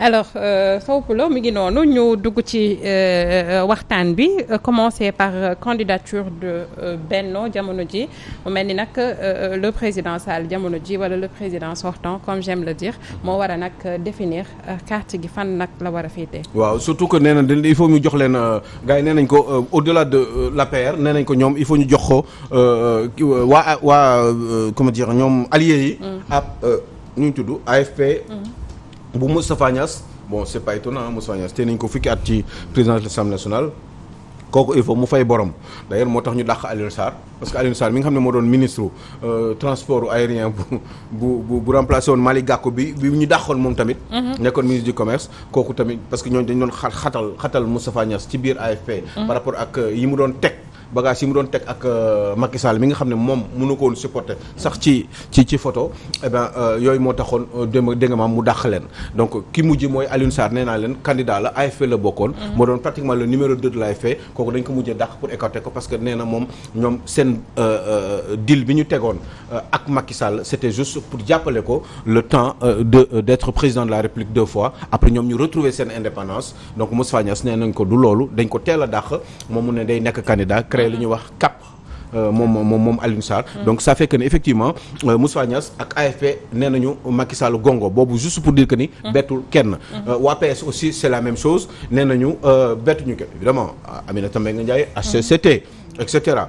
alors euh, Sow Poulo mi ngi noonu ñu dugg ci euh, euh, waxtaan bi commencé par candidature de Benno jamono ji mu mel ni nag le président Sall jamono ji wala le président sortant comme j'aime le dire moo war a nag définir carte gi fan nag la war a féetee. waaw surtout que nee na il faut ñu jox leen gars yi ko au-delà de l'APR nee nañ ko ñoom il faut ñu jox ko waa waa comme dire ñoom alliés yi. Mm. ab ñu tudd AFP. Mm. bu Moustapha Niass bon c'est pas étonnant Moustapha Niass te nañ ko fukki at ci présidence de l'Assemblée nationale kooku il faut mu fay borom d'ailleurs moo tax ñu dàq Alioune Sarr parce que Alioune Sarr mi nga xam ne moo doon ministre euh, transport aérien bu bu bu remplacé woon Malick Gakou bi bi ñu dàqoon moom tamit. Mm-hmm. nekkoon ministre du commerce kooku tamit parce que ñooñu dañu doon xatal xatal Moustapha Niass ci biir AFP. Mm-hmm. par rapport ak euh, yi mu doon teg. bagage yi mu doon teg ak euh, Macky Sall mi nga xam ne moom mënu ko woon supporter sax ci ci ci photo eh ben euh, yooyu moo taxoon euh, démb dégg nga mu dàq leen donc ki mujj mooy Alioune Sarr nee naa leen candidat la AFP la bokkoon mhm. moo doon pratiquement le numéro 2 de l'AFP kooku dañ ko mujjee dàq pour écarter ko parce que nee moom ñoom seen deal bi ñu tegoon ak Macky Sall c'était juste pour jàppale ko le temps de d'être président de la République deux fois après ñoom ñu retrouver seen indépendance donc Moustapha Niasse nee ko du loolu dañ ko teel a dàq moom mu ne day nekk candidat créé li ñuy wax CAP euh, moom moom moom Alioune Sarr. Mm. donc ça fait que ne effectivement euh, Moussa ak AFP nee nañu Macky Sall gongo boobu juste pour dire que ni. Mm. bettul kenn. Mm. Euh, waa PS aussi c' est la même chose nee nañu bettuñu kenn évidemment Aminata Mbengue Ndiaye HCCT et cetera.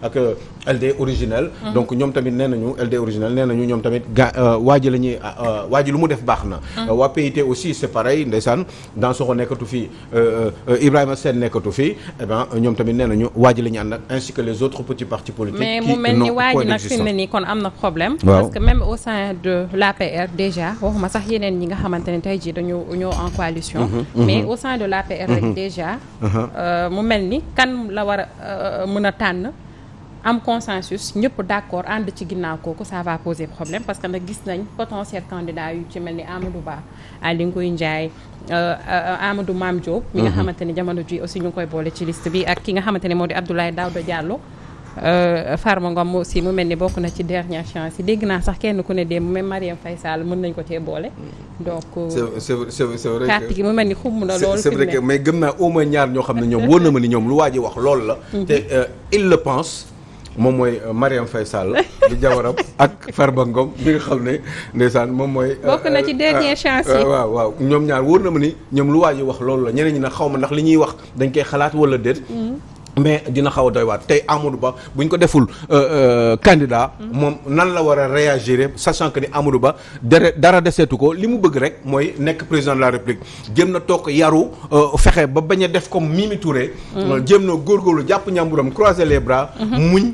ak euh, LD originel. Mhm. donc ñoom tamit nee nañu LD originel nee nañu ñoom tamit ga euh, waa ji la ñuy euh, lu mu def baax na. Mhm. waa PIT aussi c'est pareil ndeysaan dans soxo nekkatu fii Ibrahima seen nekkatu fi eh ñoom tamit nee nañu waa ji la ñuy ànd ak ainsi que les autres petits partis politiques. mais mu mel ni waa nag fi mu ne kon am na problème. parce que même au sein de l'APR déjà waxuma sax yeneen ñi nga xamante ne tey jii dañu ñëw en coalition. Mhm, mais au sein de déjà. mu mel ni kan la war a mën a tànn. am consensus ñëpp d'accord ànd ci ginnaaw kooku saa va poser problème parce que nag gis nañ potentiel candidat yu ci mel ni Amadou Ba Aly Ngouille Ndiaye euh, euh, Amadou maam Diop mi nga mhm. xamante ne jamono ji aussi ñu koy boole ci liste bi ak ki nga xamante ne moo di Abdoulaye Daouda Diallo euh, Farma Ngom aussi mu mel ni bokk na ci dernière chance yi dégg naa sax kenn ku ne démb même Mariam Faye Sall mën nañ ko cee boole. donc c'est c'est vrai carte gi mu mel ni xum na loolu. c'est vrai que mais gëm naa au moins ñaar ñoo xam ne ñoom wóor na ma ni ñoom lu waa ji wax loolu la. Mhm. te il le pense. moom mooy euh, Mariam Faye Sall di jabaram ak far ba Ngom bi nga xam ne ndeysaan moom mooy. Euh, bokk na ci dernier euh, chance yi waaw waaw ñoom ñaar wóor na ma ni ñoom lu waa ji wax loolu la ñeneen ñi ne xaw ma ndax li ñuy wax dañ koy xalaat wala déet. Mm-hmm. mais dina xaw a doy waat tey Amadou Ba bu ñu ko deful euh, euh, candidat. Hmm. moom nan la war a réagir sachant que ni Amadou Ba dara dara deseetu ko li mu bëgg rek mooy nekk président de la République jëm na toog yaru euh, fexe ba bañ a def comme Mimi Touré. Hmm. jëm na góorgóorlu jàpp ñàmburam croiser les bras. Hmm. muñ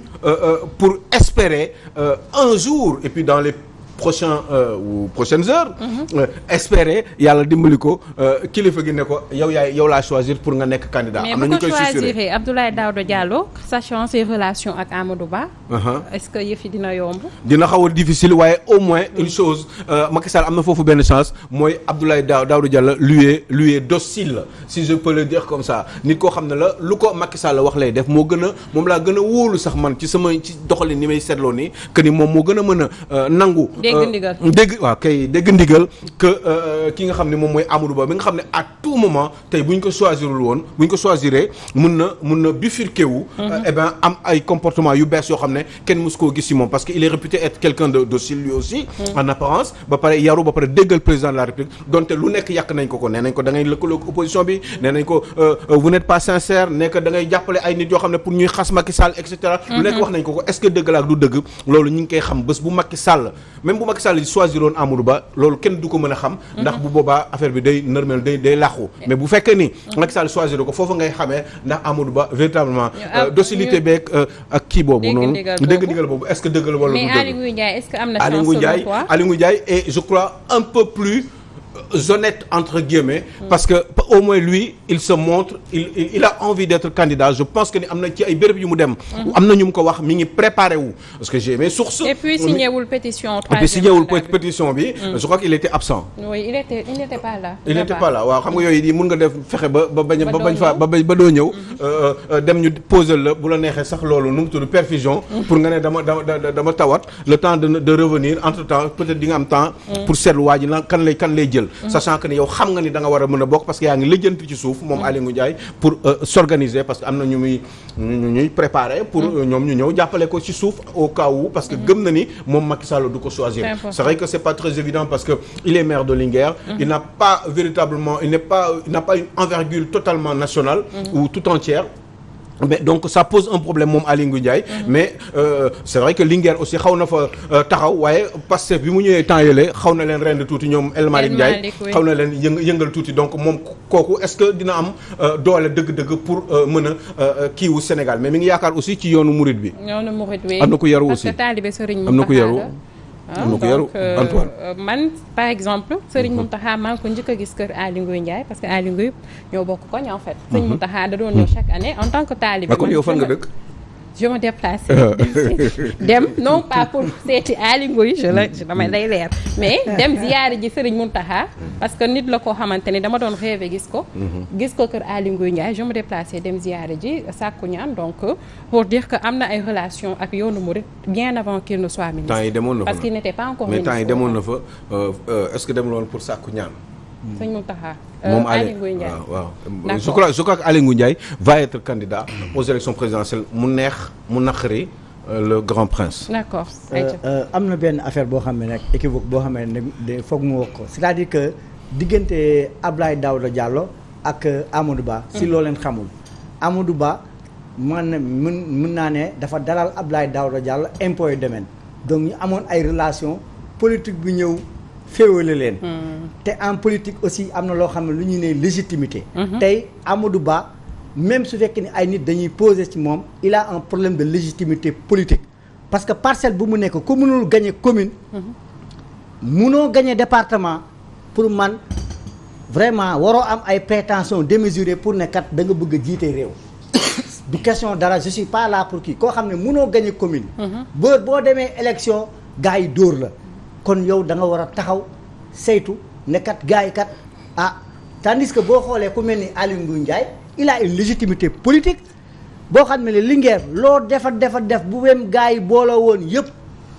pour espérer un jour et puis dans les. prochain euh, ou prochaines heures. Mhm. Euh, espérer yàlla dimbali ko euh, kilifa gi ne ko yow yaay yow laa choisir pour nga nekk candidat. am na ñu koy susurré mais bu ko choisir eh, Abdoulaye Daouda Diallo sachant ses relations ak Amadou Ba. est-ce que yëf dina yomb. dina xaw a difficile waaye au moins une mm. chose Macky Sall am na foofu benn chance mooy Abdoulaye Daouda Diallo lui est lui est docile si je peux le dire comme ça nit koo xam ne la lu ko Macky Sall wax lay def moo gën a moom laa gën a wóolu sax ci sama ci doxalin ni may seetloo nii que ni moom moo gën a mën a nangu. dégg euh, ndigal dégg waaw kay dégg ndigal que euh, euh, ki nga xam ne moom mooy Amadou Ba bi nga xam ne à tout moment tey bu ñu ko choisirul woon bu ñu ko choisiree mun na mun na bifurqué wu. Mhm. eh ben am ay comportement yu bees yoo xam ne kenn mës koo gis si moom parce que il est réputé être quelqu'un de docile lui aussi. Mhm. en lu nekk yàq nañ ko ko nee nañ ko da ngay lëkkaloo opposition bi nee nañ ko vous pas sincère nekk da ngay jàppale ay nit yoo xam ne pour ñuy xas Macky Sall et cetera. lu mhm. nekk wax nañ ko ko est-ce loolu ñu ngi koy xam bés bu Macky Sall même même bu Macky Sall choisiroon Amadou Ba loolu kenn du ko mën a xam mhm. ndax bu boobaa affaire bi day normal day day làqu mais bu fekkee ni mhm. Macky Sall choisir ko foofu ngay xamee ndax Amadou Ba véritablement euh, ah, docilité beeg euh, ak kii boobu noonu dégg ndigal boobu est-ce que dëgg la wala du dëgg Aliou Ndiaye un peu plus Euh, honnête entre guillemets parce que au moins lui il se montre il a envie d'être candidat je pense que ni am na ci ay béréb yu mu dem mhm. am na ñu mu ko wax mi ngi préparé wu parce que j'ai mes sources et puis pétition bi mhm. je crois qu'il était absent il était pas là waaw xam nga yooyu di mun nga def fexe ba ba bañ ba bañ fa ba ba doo ñëw mhm. euh, euh, dem ñu poser la bu la neexee sax loolu nu mu tudd perfusion pour nga ne dama dama dama tawat le temps de de revenir entre temps peut-être di nga am temps pour kan lay kan lay jël mm-hmm. sachant que ne yow xam nga ni da war a mën a bokk parce que yaa ngi lijjanti ci suuf moom mm-hmm. Aliou Ndiaye pour euh, s'organiser parce que am na ñu muy ñu ñuy préparer pour mm-hmm. euh, ñoom ñu ñëw jàppale ko ci suuf au cas où parce que gëm na ni moom Macky Sall du ko choisir c'est vrai que c'est pas très évident parce que il est maire de Linguère il n'a pas véritablement il n'est pas il n'a pas une envergure totalement nationale ou tout entière mais donc ça pose un problème moom Aly Ngouille mhm. mais euh, c'est vrai que Linguère aussi xaw na fa euh, taxaw waaye Pastef bi mu ñëwee temps yële xaw na leen rend tuuti ñoom El Malick Ndiaye xaw na leen yëng yëngal tuuti donc moom kooku est-ce que dina am euh, doole dëgg-dëgg pour euh, mën a kiiwu Sénégal mais mu ngi yaakaar aussi ci yoonu murid bi am na ku yaru aussi am na ku yaru Ah, donc euh, euh, man par exemple Serigne Mountakha maa ngi ko njëkk a gis kër Aly Ngouille Ndiaye parce que Aly Ngouille ñoo bokk koñ en fait. Serigne Mountakha da doon ñëw chaque année en tant que taalibe. kon yow fan nga dëkk. je me déplace dem non pas pour seeti Aly Ngouille je la je damay lay leer mais dem ziyaari ji Serigne Mountakha parce que nit la koo xamante ni dama doon rêvé gis ko mhm. gis ko kër Aly Ngouille Ndiaye je me déplacé dem ziyaari ji sàkku ñaan donc pour dire que am na ay relation ak yoonu murid bien avant qu'il ne soit ministre temps yi demoon na fa parce qu'il n'était pas encore ministre temps yi demoon na fa euh, euh, est-ce que pour sàkku ñaan Mm. sëñ Mountakha. Euh, moom Aly Ngouille Ndiaye waaw waaw. je crois je crois que Aly Ngouille Ndiaye va être candidat aux élections présidentielles mu neex mu naqari euh, le grand prince. Euh, am na benn affaire boo xam ne nag équivoque boo xam ne de foog mu wax ko c'est-à-dire que diggante daaw Daouda Diallo ak Amadou Ba. si mm. loo leen xamul Amadou Ba. man mën mën naa ne dafa dalal Abdoulaye la Diallo impôt domaine donc ñu amoon ay relation politique bi ñëw féewale leen. Hmm. te en politique aussi am na loo xam ne lu ñu ne légitimité. Hmm. tey Amadou Ba même su fekkee ni ay nit dañuy poser ci moom il a un problème de légitimité politique parce que parcelle bu mu nekk ku mënul gagner commune. munoo gagner département pour man vraiment waroo am ay prétentions démesurées pour nekkat kat da nga bëgg jiite réew. du question dara je suis pas la pour kii koo xam ne munoo gagner commune. Hmm. boo boo demee élection gars yi dóor la. kon yow da war a taxaw saytu nekkat kat gars kat ah tandis boo xoolee ku mel ni Aly Ngouille Ndiaye il légitimité politique boo xam ne Linguère loo defa defa def bu wem gars yi booloo woon yëpp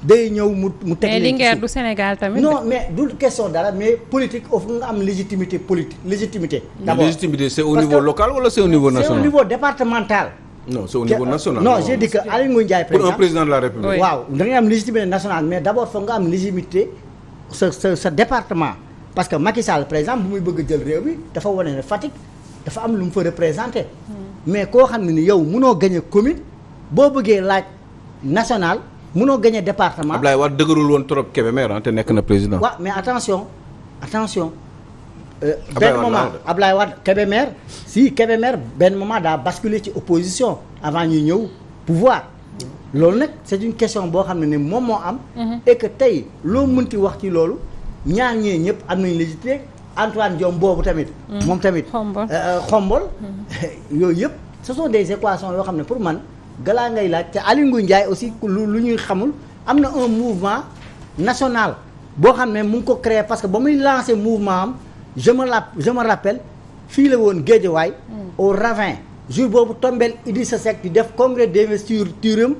day ñëw mu mu teg mais Linguère du Sénégal tamit. non mais du question dara mais politique of nga am légitimité politique légitimité. d'abord légitimité c'est au niveau local wala c'est au niveau national départemental. non c'est au niveau national. non j'ai dit que Aly Ngouille Ndiaye président pour un président de la République. waaw da am légitimité nationale mais d'abord foog nga am légitimité sa sa sa département. parce que Macky Sall par exemple bu muy bëgg jël réew mi dafa wane ne Fatick dafa am lu mu fa représenté. Hmm. mais koo xam ne ni yow munoo gagné commune boo bëggee laaj national munoo gagné département. Ablaye Wade dëgërul woon trop Kébémer ah, te nekk na président. waaw mais attention attention. Euh, benn moment Ablaye Wade Kébémer si Kébémer benn moment daa basculer ci opposition avant ñuy ñëw pouvoir loolu nag c'est une question boo xam ne ne moom moo am mhm. et tey loo mënti wax ci loolu ñaar ñee ñëpp am nañ légitimité Antoine Diome boobu tamit mhm. moom tamit xombol euh, euh, mhm. yooyu yëpp ce sont des équations yoo xam ne pour man galaa ngay laaj te Aly Ngouille Ndiaye aussi lu ñuy xamul am na un mouvement national boo xam ne mu ngi ko créé parce que ba muy la mouvement je me la je fii la woon Guédiawaye mm. au Ravin jour boobu tombeel Idrissa Seck di def congrès d'investiture am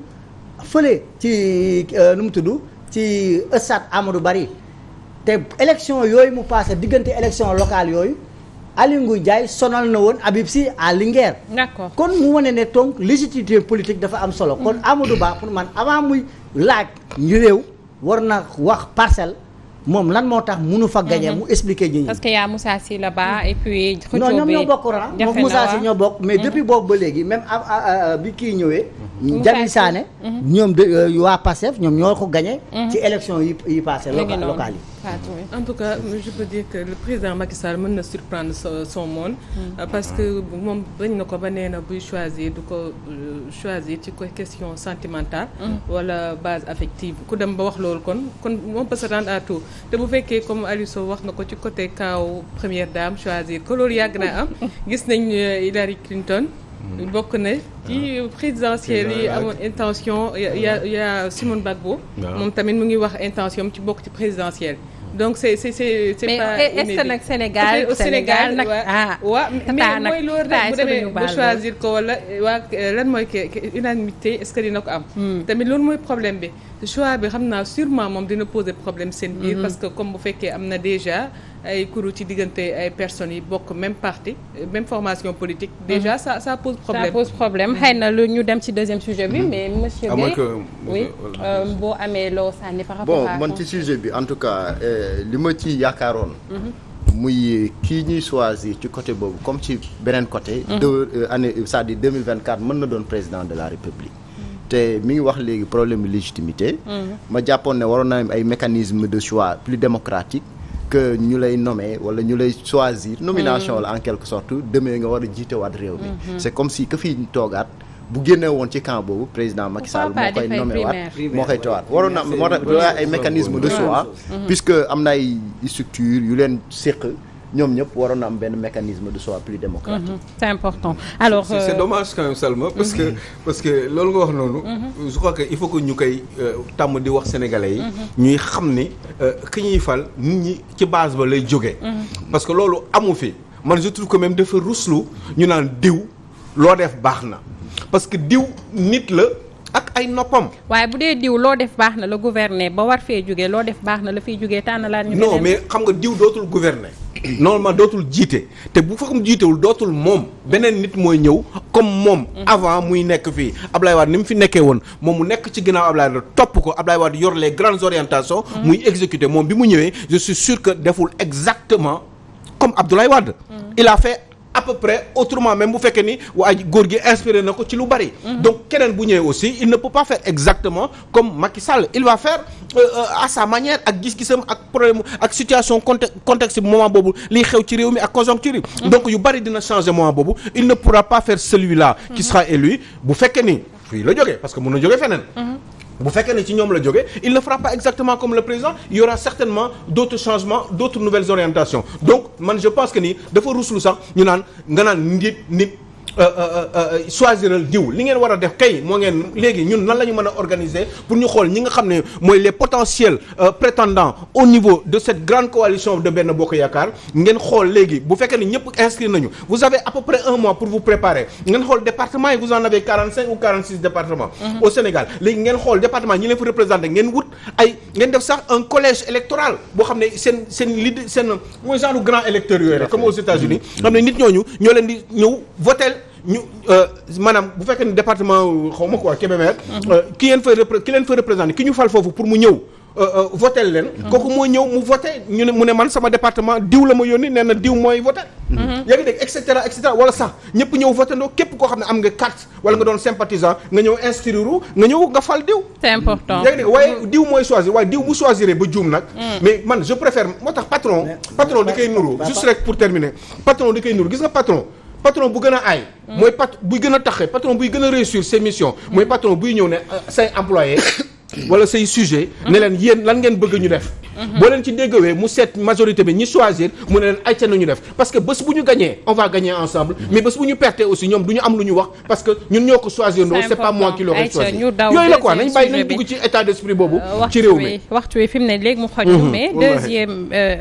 fële ci euh, nu mu tudd ci stade Amadou Barry te élection yooyu mu passé diggante élection locale yooyu Aly Ngouille Ndiaye sonal na woon Habib si à Linguère d'accord kon mu wane ne donc légitimité politique dafa am solo kon mm. Amadou baax pour man avant muy laaj ñu réew war na wax parcelle moom lan moo tax munu fa gagné mhm. mu expliqué ji parce que y a Moussa Sy là-bas et ñoom ñoo bokk ra moom Moussa ñoo bokk mais mhm. depuis boobu ba léegi même bi kii ñëwee. Mhm. Jamil Sané ñoom de euh, waa Pastef ñoom ñoo ko gagné. ci élection yi yi passé locale yi. Fatou oui. en tout cas je peux dire que le président Macky Sall mën na surprendre son monde. Mm. Euh, parce que moom bañ na ko ba nee na buy choisir du ko euh, choisir ci question sentimentale. Mm. wala base affective ku dem ba wax loolu kon kon moom peut se à tout te bu fekkee comme Aliou wax na ko ci côté kaw première dame choisir ko loolu yàgg na am gis nañ euh, Hillary Clinton. bokk na ci présidentielles yi amoon intention ya ya Simone Gbagbo moom tamit mu ngi wax intention ci bokk ci présidentielle donc c'est c'est c'est c'est pas est-ce nag Sénégal Sénégal nag ah waaw mais mooy loolu rek bu demee bu ko wala waa lan mooy unanimité est-ce que dina ko am hmm. tamit loolu mooy problème bi choix bi xam naa sûrement moom dina poser problème seen biir mhm. parce que comme bu fekkee am na déjà ay kuréel ci diggante ay personnes yi bokk même parti même formation politique. déjà mhm. ça ça pose problème ça xëy na lu ñu dem ci deuxième sujet bi mhm. mais monsieur Guèye euh, boo amee loo sànni par bon man ci sujet bi en tout cas euh, li ma ci yaakaaroon. Mhm. muy kii ñuy choisir ci côté boobu comme ci beneen côté. de euh, année c'est-à-dire 2024 mën na doon président de la république. te mi ngi wax léegi problème de légitimité. ma jàppoon ne waroon na ay mécanismes de choix plus démocratique que ñu lay nommer wala ñu lay choisir mm. nomination la en quelque sorte demee nga war a jiitewaat réew mi mm-hmm. c'est comme si que fii toogaat bu génne ci camp boobu président Macky moo koy nommé moo koy tawaat waroon na moo tax ay mécanisme de choix mm-hmm. puisque am na ay structure yu leen séq ñoom ñëpp waroon am benn mécanisme de choix plus démocratique. Mhm. c'est important alors. c'est, c'est euh, dommage quand même parce que mhm. parce que loolu nga wax noonu. Mhm. je crois que il faut que ñu koy euh, tàmm di wax sénégalais yi. ñuy xam ni euh, ki ñuy fal nit ñi ci base ba lay jógee. parce que loolu amu fi man je trouve que même ruslu ñu naan diw loo def baax na parce que diw nit la. ak ay noppam. waaye bu dee diw loo def baax na la gouverner ba war fee jógee loo def baax na la fiy jógee tànn laat ñu. non xam nga diw dootul gouverner. normalement dootul jiite te bu fekkum jiitewul dootul moom beneen nit mooy ñëw comme moom. avant muy nekk fii Ablaye Wade ni mu fi nekkee woon moom mu nekk ci ginnaaw Ablaye Wade topp ko Ablaye Wade yor les grandes orientations. Mm. muy exécuter moom bi mu ñëwee je suis sûr que deful exactement comme Abdoulaye Wade. Mm. il a à peu près autrement même bu fekkee ni waa góor gi inspiré na ko ci lu bari. Mhm. donc keneen bu ñëwee aussi il ne peut pas faire exactement comme Macky Sall il va faire euh, euh, à sa manière ak gis-gisam ak problème ak situation contexte contexte moment boobu liy xew ci réew mi ak conjoncture mhm. donc yu bari dina changer moment boobu il ne pourra pas faire celui-là. qui mhm. sera élu bu fekkee ni fii la jógee parce que mun na jógee feneen. bu fekkee ne ci ñoom la jógee il ne fera pas exactement comme le président il y aura certainement d'autres changements d'autres nouvelles orientations donc man je pense que nii dafa ruslu sax ñu naan nga naan ndit nit Euh, euh, euh, choisiral diw li ngeen war a def kay moo ngeen léegi ñun nan la ñu mën a organiser pour ñu xool ñi nga xam ne mooy les potentiels prétendants au niveau de cette grande coalition de Benno Bokk Yaakaar ngeen xool léegi bu fekkee ni ñëpp inscrit nañu vous avez à peu près un mois pour vous préparer ngeen xool département yi vous en avez 45 ou 46 départements mhm. au Sénégal léegi ngeen xool département ñi leen fi représenté ngeen wut ay ngeen ñu euh, maanaam bu fekkee ne département xaw ma quoi Kébémer mhm. euh, ki leen fa repre ki leen fa représenté ki ñu fal foofu pour mu ñëw euh, voté leen. Mhm. kooku moo ñëw mu voté ñu ne mu ne man sama département diw la ma yónni nee na diw mooy voté. Mhm. yaa ngi dégg et cetera et wala sax ñëpp ñëw voté ndoo képp koo xam ne am nga carte wala nga doon sympathisant nga ñëw instruire nga ñëw nga fal diw. c'est important yaa ngi dégg waaye diw mooy choisir waaye diw bu choisiré ba juum nag. Mm. mais man je préfère moo tax patron. patron di koy nuru juste rek pour terminer patron di koy nuru gis nga patron bu gën a ay mooy pat buy gën a taxe patron buy gën a réussir ses missions. mooy patron buy ñëw ne euh, say employé wala say sujet ne leen yéen lan ngeen bëgg ñu def. boo leen ci déggawee mu seet majorité bi ñi choisir mu ne leen ayca nañu def parce que bés bu ñu gagné on va gagner ensemble mm. mais bés bu ñu perte aussi ñoom du ñu am lu ñu wax parce que ñun ñoo ko choisir ndoo c'est pas moi qui l'aurais choisi yooyu la quoi nañ bàyyi nañ dugg ci état d'esprit boobu euh, ci réew mi waxtu wi fi mu ne léegi mu xoñu mm-hmm. mais deuxième euh,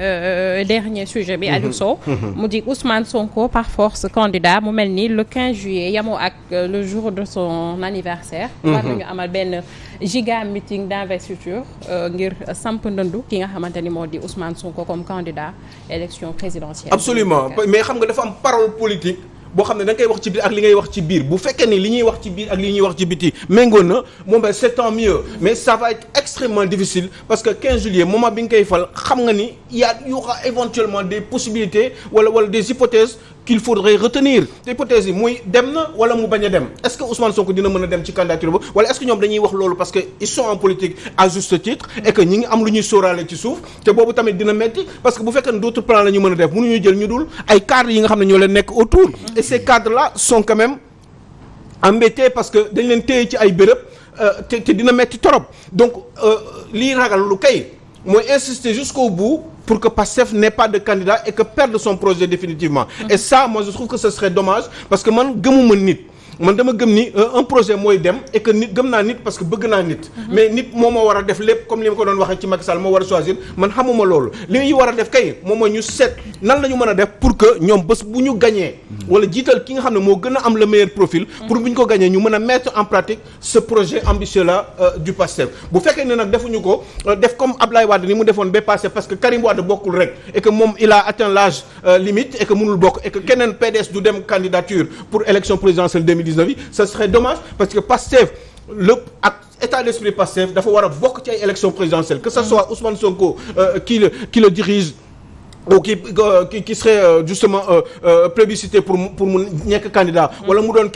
euh, dernier sujet bi Aliou Sow mm-hmm. Mm-hmm. mu di Ousmane Sonko par force candidat mu mel nii le 15 juillet yamoo ak le jour de son anniversaire war nañu amal benn giga meeting d'investiture ngir samp ndëndu ki nga xamante ni moo di Ousmane Sonko comme candidat élection présidentielle. absolument mais xam nga dafa am parole politique. boo xam ne da nga wax ci biir ak li ngay wax ci biir bu fekkee ni li ñuy wax ci biir ak li ñuy wax ci biti ngoon na moom ba c'est mieux mais sa va être extrêmement difficile parce que 15 juillet moment bi nga koy fal xam nga ni y a y aura éventuellement des possibilités wala wala des hypothèses qu'il faudrait retenir te hypothèse yi muy dem na wala mu bañ a dem est-ce que Ousmane Sonko dina mën a dem ci candidature ba wala est-ce que ñoom dañuy wax loolu parce que ils sont en politique à juste titre et que ñi ngi am lu ñuy sóoraale ci suuf te boobu tamit dina metti parce que bu fekkee ne d'autres plans la ñu mën a def jël ñu dul ay cadres yi nga xam ne ñoo leen nekk autour et ces cadres là sont quand même parce que dañ leen téye ci ay béréb euh, te te dina metti torop donc euh, lii ragal lu kay mooy insister jusqu'au pour que Pastef n'ait pas de candidat et que perde son projet définitivement. Mm-hmm. Et ça, moi, je trouve que ce serait dommage parce que man gëmuma nit. man dama gëm ni euh, un projet mooy dem et que nit gëm naa nit parce que bëgg naa nit. Mhm. mais nit moo ma war def lépp comme li ma ko doon waxee ci Macky Sall moo war a choisir man xamuma loolu li ñu war def kay moom ñu seet nan la ñu mën a def pour que ñoom bés bu ñu gañee mhm. wala jiital ki nga xam ne moo gën a am le meilleur profil. Mhm. pour bu ñu ko gañee ñu mën a mettre en pratique ce projet ambitieux là euh, du PASTEF bu fekkee ne nag defuñu ko euh, def comme Ablaye Wade ni mu defoon ba passé parce que Karim Wade bokkul rek et que moom il a 2019 yi ce serait dommage parce que Pastef le ak état d'esprit Pastef dafa war a bokk ci ay élections que ce soit Ousmane Sonko euh, qui le dirige ou qui euh, serait euh, justement plébiscité pour pour mu candidat wala mu doon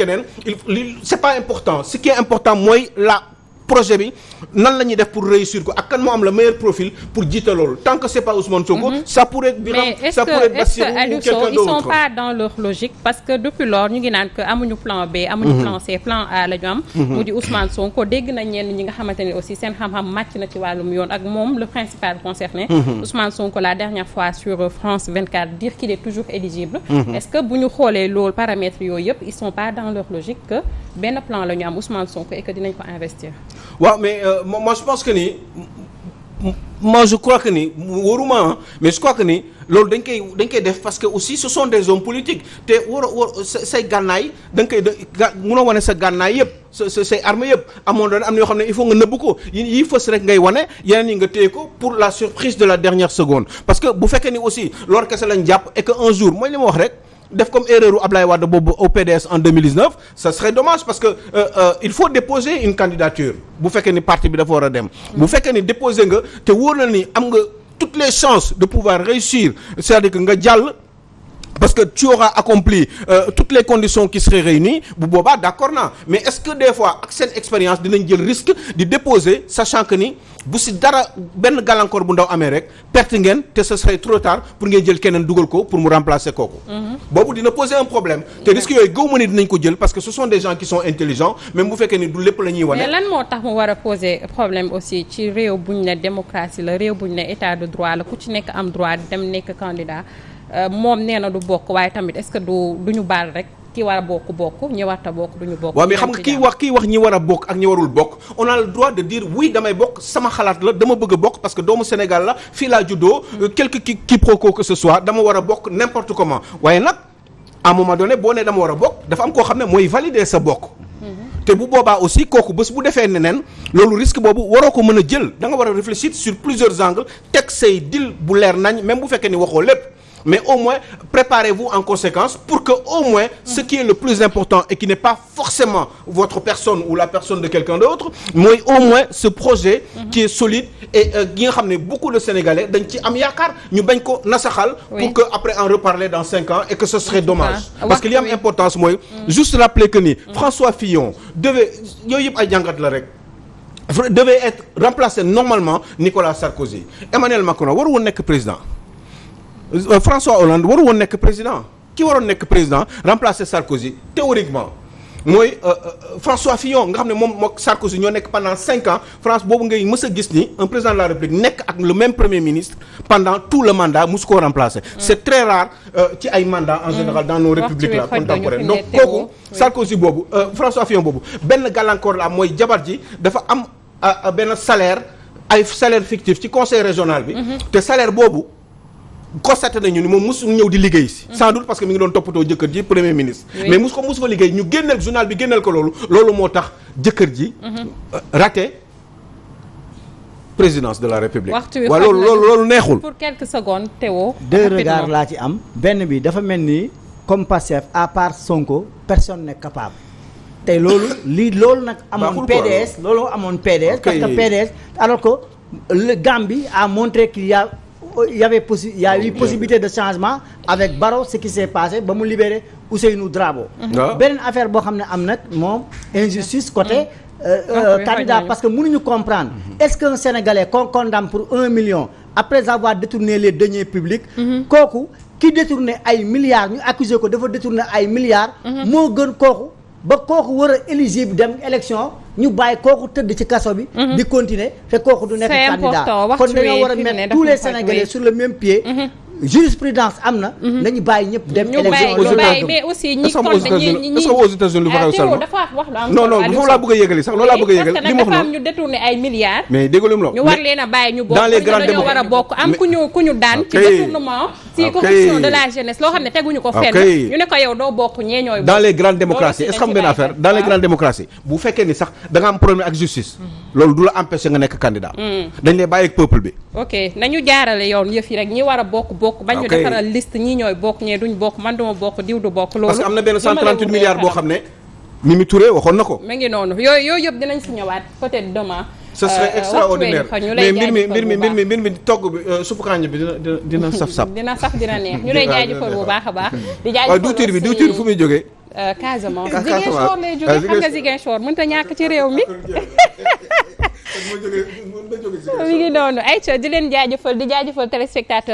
c'est pas important ce qui est important mooy la projet bi nan la ñuy def pour réussir ko ak kan moo am le meilleur profil pour jiite loolu tant que c'est pas Ousmane Sonko. Mm -hmm. ça pourrait être Birame ça pourrait être Bassirou ou quelqu'un d'autre. ils sont pas dans leur logique parce que depuis ñu ngi naan que amuñu plan B. amuñu mhm. plan C A ñu am. Mhm. mu dégg na ñenn ñi nga xamante ne aussi seen xam-xam màcc na ci wàllum yoon ak moom le principal concerné. Mhm. Ousmane Sonko la dernière fois sur France 24 dire qu'il est toujours éligible. est waaw mais euh, moi je pense que ni moi je crois que ni waruma mais je crois que ni loolu dañ koy dañ koy def parce que aussi ce sont des hommes te war a war say gànnaay da nga koy ga munoo wane sa gànnaay yëpp sa sa say armes yëpp amoon doon na yoo xam ne il faut nga nëbb ko yi yii fës rek ngay wane yeneen yi nga téye ko pour la surprise de la dernière seconde parce que bu fekkee ni aussi loolu kese lañ jàpp et un jour mooy li ma wax rek. def comme erreur u Ablaye Wade boobu au en 2019 ça serait dommage parce que euh, euh, il faut déposer une candidature bu fekkee ni parti bi dafa war a dem bu fekkee ni déposer nga te wóor na ni am nga toutes les chances de pouvoir réussir c'est-à-dire que nga jàll parce que tu auras accompli euh, toutes les conditions qui seraient réunies bu boobaa d'accord naa mais est-ce que des fois ak seen expérience dinañ jël risque di déposer sachant que ni bu si dara benn gàllankoor bu ndaw amee rek perte ngeen te ce serait trop tard pour ngeen jël keneen dugal ko pour mu remplacer kooku. Mhm. boobu dina poser un problème. te risque yooyu gëw ma dinañ ko jël parce que ce sont des gens qui sont intelligents même bu fekkee ni du lépp la ñuy wane. mais lan moo tax mu a poser réew buñ ne ne état de droit la ku ci nekk am droit dem Euh, moom nee na du bokk waaye tamit est-ce que du du ñu baal rek. ki war a bokk bokk ñi bokk duñu bokk. waaw mais xam nga kii wax kii wax ñi war a bokk ak ñi warul bokk on a le droit de dire oui damay bokk sama xalaat la dama bëgg a bokk parce que doomu Sénégal la fii laa juddoo. ki euh, qui quiproquo que ce soit dama war a bokk n'importe comment waaye nag à ma moment donné boo nee dama war a bokk dafa am koo xam ne mooy valider sa bokk. Mhm. te bu boobaa aussi kooku bés bu defee neneen loolu risque boobu waroo ko mën a jël da war a réfléchir sur plusieurs angles teg say dil bu leer nañ même bu fekkee ni waxoo lépp. mais au moins préparez-vous en conséquence pour que au moins ce qui est le plus important et qui n'est pas forcément votre personne ou la personne de quelqu'un d'autre mooy au moins ce projet qui est solide et euh, gi nga xam ne beaucoup de Sénégalais dañ ci am yaakaar ñu bañ ko nasaxal pour que après en reparler dans cinq ans et que ce serait dommage parce que li am importance mooy mm. juste rappeler que ni François Fillon devait yooyu yëpp ay jàngat la rek devait être remplacé normalement Nicolas Sarkozy Emmanuel Macron waru woon nekk président Euh, François Hollande waru woon nekk président ki waroon nekk président remplacer Sarkozy théoriquement mooy euh, euh, François Fillon nga xam ne moom mook Sarkozy ñoo nekk pendant cinq ans France boobu ngay mës a gis ni un président de la République nekk ak le même premier ministre pendant tout le mandat musu koo remplacer. Mm. c'est très rare ci ay mandats en mm. général dans nos républiques là contemporaines donc kooku Sarkozy boobu François Fillon boobu benn gàllankoor la am mooy jabar ji dafa am benn salaire ay salaire fictif ci conseil régional bi mm-hmm. te constaté nañu ni moom mosu ñëw di liggéey si mm. sans doute parce que mi ngi doon toppatoo jëkkër ji premier ministre mais mosu ko mosu fa liggéey ñu génneel journal bi génneel ko loolu loolu moo tax jëkkër ji mm-hmm. euh, raté présidence de la république waaw loolu loolu loolu neexul pour quelques secondes Théo deux regards laa ci am benn bi dafa mel ni comme Pastef à part Sonko personne n'est capable tey loolu lii loolu nag amoon PDS looloo amoon PDS parce que PDS alors que le Gambie a montré qu'il a il y avait possi il possibilité de changement avec Barrow ce qui s'est passé ba mu libéré Ousseynou Drabo ah. beneen affaire boo xam ne am nag moom injustice côté mm. euh, euh, candidat parce que mënuñu comprendre mm-hmm. est-ce que Sénégalais qu'on condamne pour un million après avoir détourné les deniers publics mm-hmm. kooku ki détourné ay milliards ñu accusé ko dafa détourné ay milliards mm-hmm. moo gën kooku ba kooku war a éligible dem élection ñu bàyyi kooku tëdd ci kaso bi. Mhm. di continuer te kooku du nekk candidat kon dañoo war a mettre tous les sénégalais sur le même pied. Mhm. jurisprudence am na. Mhm. nañu bàyyi ñëpp dem. élection mais aussi ñi kon ñi ñi aux ah, États-Unis non non foofu laa bëgg a yëgali sax loolu laa bëgg a yëgal li mu wax noonu ñu détourné ay milliards. mais déglu mu la ñu war leen a bàyyi ñu bokk. dans les grandes démocraties war a bokk am ku ñu ku ñu daan ah, ci détournement si ah, corruption de la jeunesse loo xam ne teguñu ko fenn ah, ñu ne ko yow doo bokk ñee ñooy dans les grandes démocraties est-ce benn affaire dans les ah. grandes démocraties bu fekkee ni sax da am problème ak justice loolu du la empêcher nga nekk candidat hmm. dañ lay bàyyi ak peuple bi ok nañu jaarale yoon yëf yi rek ñi war a bokk bokk bañ ñu defaral liste ñi ñooy bokk ñee duñ bokk man duma bokk diw du bokk loolu parce que am na benn ce serait euh, extraordinaire mais mbir mi mbir mi mbir mi mbir mi togg bi euh, supp kànja bi dina dina dina saf saf. dina saf dina neex ñu lay jaajëfal bu baax a baax. di jaajëfal duutir bi duutir fu muy jógee. Euh, Casamance ah, Ziguinchor lay ah, jógee xam nga Ziguinchor mënut a ñàkk ci réew mi. mi ngi noonu ayca di leen jaajëfal di jaajëfal téléspectateur.